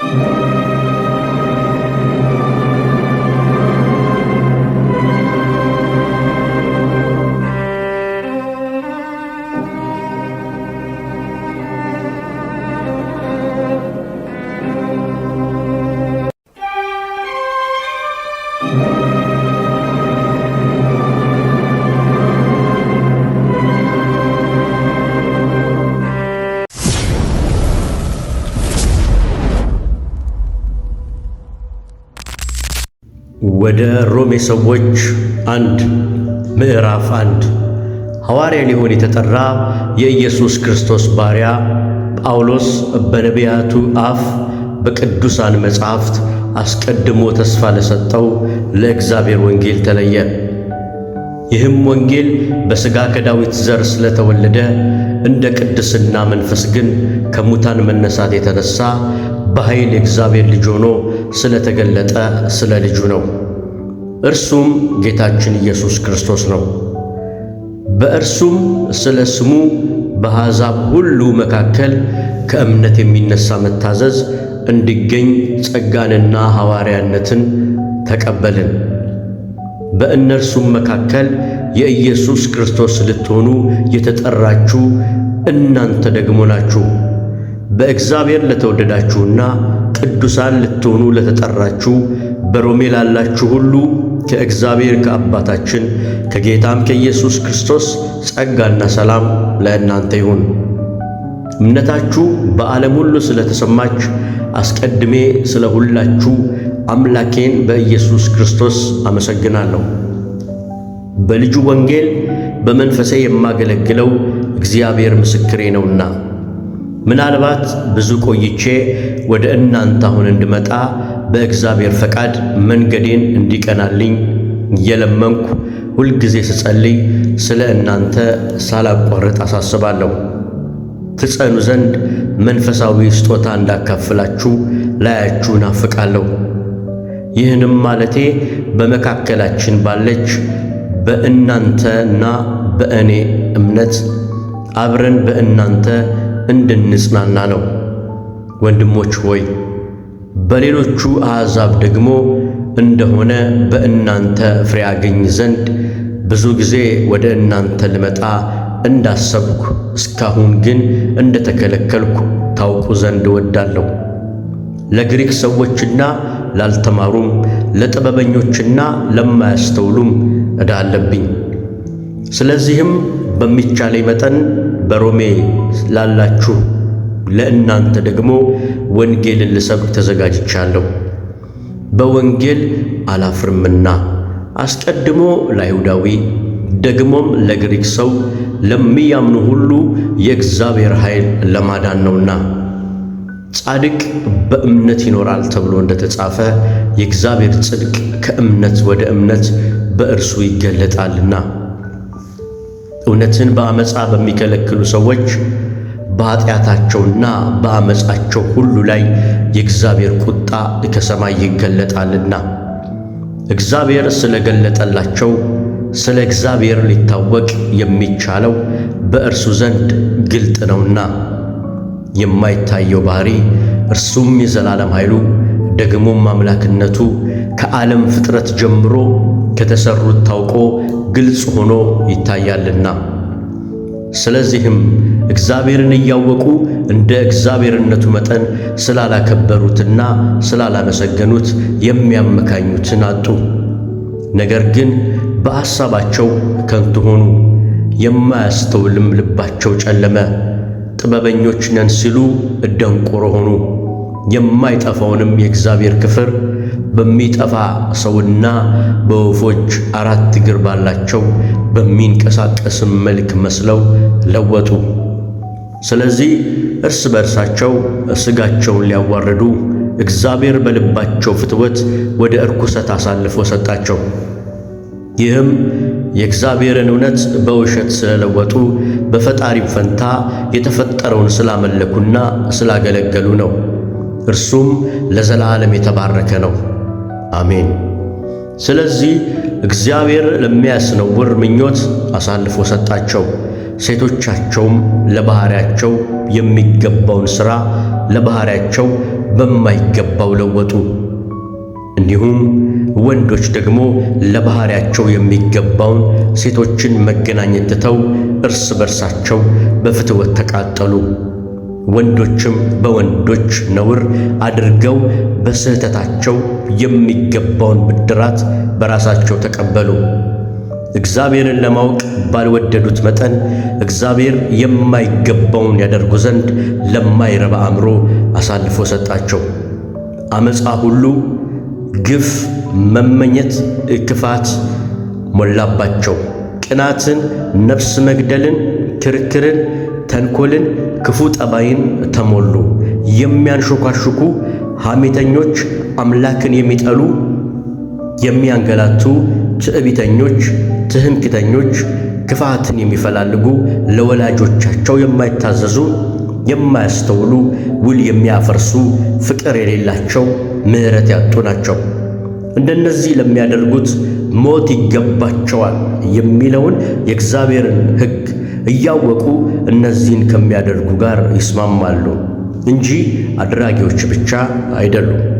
Thank you. ወደ ሮሜ ሰዎች አንድ ምዕራፍ አንድ ሐዋርያ ሊሆን የተጠራ የኢየሱስ ክርስቶስ ባሪያ ጳውሎስ በነቢያቱ አፍ በቅዱሳን መጻሕፍት አስቀድሞ ተስፋ ለሰጠው ለእግዚአብሔር ወንጌል ተለየ። ይህም ወንጌል በሥጋ ከዳዊት ዘር ስለተወለደ እንደ ቅድስና መንፈስ ግን ከሙታን መነሳት የተነሣ በኃይል የእግዚአብሔር ልጅ ሆኖ ስለተገለጠ ስለ ልጁ ነው። እርሱም ጌታችን ኢየሱስ ክርስቶስ ነው። በእርሱም ስለ ስሙ በአሕዛብ ሁሉ መካከል ከእምነት የሚነሳ መታዘዝ እንዲገኝ ጸጋንና ሐዋርያነትን ተቀበልን። በእነርሱም መካከል የኢየሱስ ክርስቶስ ልትሆኑ የተጠራችሁ እናንተ ደግሞ ናችሁ። በእግዚአብሔር ለተወደዳችሁና ቅዱሳን ልትሆኑ ለተጠራችሁ በሮሜ ላላችሁ ሁሉ ከእግዚአብሔር ከአባታችን ከጌታም ከኢየሱስ ክርስቶስ ጸጋና ሰላም ለእናንተ ይሁን። እምነታችሁ በዓለም ሁሉ ስለተሰማች አስቀድሜ ስለ ሁላችሁ አምላኬን በኢየሱስ ክርስቶስ አመሰግናለሁ። በልጁ ወንጌል በመንፈሴ የማገለግለው እግዚአብሔር ምስክሬ ነውና ምናልባት ብዙ ቆይቼ ወደ እናንተ አሁን እንድመጣ በእግዚአብሔር ፈቃድ መንገዴን እንዲቀናልኝ እየለመንኩ ሁልጊዜ ስጸልይ ስለ እናንተ ሳላቋርጥ አሳስባለሁ። ትጸኑ ዘንድ መንፈሳዊ ስጦታ እንዳካፍላችሁ ላያችሁ ናፍቃለሁ። ይህንም ማለቴ በመካከላችን ባለች በእናንተና በእኔ እምነት አብረን በእናንተ እንድንጽናና ነው። ወንድሞች ሆይ በሌሎቹ አሕዛብ ደግሞ እንደሆነ በእናንተ ፍሬ አገኝ ዘንድ ብዙ ጊዜ ወደ እናንተ ልመጣ እንዳሰብኩ እስካሁን ግን እንደተከለከልኩ ታውቁ ዘንድ እወዳለሁ። ለግሪክ ሰዎችና ላልተማሩም ለጥበበኞችና ለማያስተውሉም ዕዳ አለብኝ። ስለዚህም በሚቻለኝ መጠን በሮሜ ላላችሁ ለእናንተ ደግሞ ወንጌልን ልሰብክ ተዘጋጅቻለሁ። በወንጌል አላፍርምና አስቀድሞ ለአይሁዳዊ ደግሞም ለግሪክ ሰው ለሚያምኑ ሁሉ የእግዚአብሔር ኃይል ለማዳን ነውና ጻድቅ በእምነት ይኖራል ተብሎ እንደተጻፈ የእግዚአብሔር ጽድቅ ከእምነት ወደ እምነት በእርሱ ይገለጣልና። እውነትን በአመፃ በሚከለክሉ ሰዎች በኃጢአታቸውና በአመፃቸው ሁሉ ላይ የእግዚአብሔር ቁጣ ከሰማይ ይገለጣልና። እግዚአብሔር ስለገለጠላቸው ስለ እግዚአብሔር ሊታወቅ የሚቻለው በእርሱ ዘንድ ግልጥ ነውና የማይታየው ባህሪ እርሱም የዘላለም ኃይሉ ደግሞም አምላክነቱ ከዓለም ፍጥረት ጀምሮ ከተሰሩት ታውቆ ግልጽ ሆኖ ይታያልና። ስለዚህም እግዚአብሔርን እያወቁ እንደ እግዚአብሔርነቱ መጠን ስላላከበሩትና ስላላመሰገኑት የሚያመካኙትን አጡ። ነገር ግን በሐሳባቸው ከንቱ ሆኑ፣ የማያስተውልም ልባቸው ጨለመ። ጥበበኞች ነን ሲሉ ደንቆሮ ሆኑ። የማይጠፋውንም የእግዚአብሔር ክፍር በሚጠፋ ሰውና በወፎች አራት እግር ባላቸው በሚንቀሳቀስም መልክ መስለው ለወጡ። ስለዚህ እርስ በርሳቸው ሥጋቸውን ሊያዋርዱ እግዚአብሔር በልባቸው ፍትወት ወደ እርኩሰት አሳልፎ ሰጣቸው። ይህም የእግዚአብሔርን እውነት በውሸት ስለለወጡ በፈጣሪም ፈንታ የተፈጠረውን ስላመለኩና ስላገለገሉ ነው። እርሱም ለዘላለም የተባረከ ነው። አሜን። ስለዚህ እግዚአብሔር ለሚያስነውር ምኞት አሳልፎ ሰጣቸው። ሴቶቻቸውም ለባህሪያቸው የሚገባውን ሥራ ለባህሪያቸው በማይገባው ለወጡ። እንዲሁም ወንዶች ደግሞ ለባህሪያቸው የሚገባውን ሴቶችን መገናኘት ትተው እርስ በርሳቸው በፍትወት ተቃጠሉ። ወንዶችም በወንዶች ነውር አድርገው በስህተታቸው የሚገባውን ብድራት በራሳቸው ተቀበሉ። እግዚአብሔርን ለማወቅ ባልወደዱት መጠን እግዚአብሔር የማይገባውን ያደርጉ ዘንድ ለማይረባ አእምሮ አሳልፎ ሰጣቸው። አመፃ ሁሉ፣ ግፍ፣ መመኘት፣ ክፋት ሞላባቸው። ቅናትን፣ ነፍስ መግደልን፣ ክርክርን፣ ተንኮልን፣ ክፉ ጠባይን ተሞሉ። የሚያንሾካሹኩ፣ ሐሜተኞች፣ አምላክን የሚጠሉ የሚያንገላቱ፣ ትዕቢተኞች ትምክህተኞች፣ ክፋትን የሚፈላልጉ፣ ለወላጆቻቸው የማይታዘዙ፣ የማያስተውሉ፣ ውል የሚያፈርሱ፣ ፍቅር የሌላቸው፣ ምሕረት ያጡ ናቸው። እንደነዚህ ለሚያደርጉት ሞት ይገባቸዋል የሚለውን የእግዚአብሔርን ሕግ እያወቁ እነዚህን ከሚያደርጉ ጋር ይስማማሉ እንጂ አድራጊዎች ብቻ አይደሉም።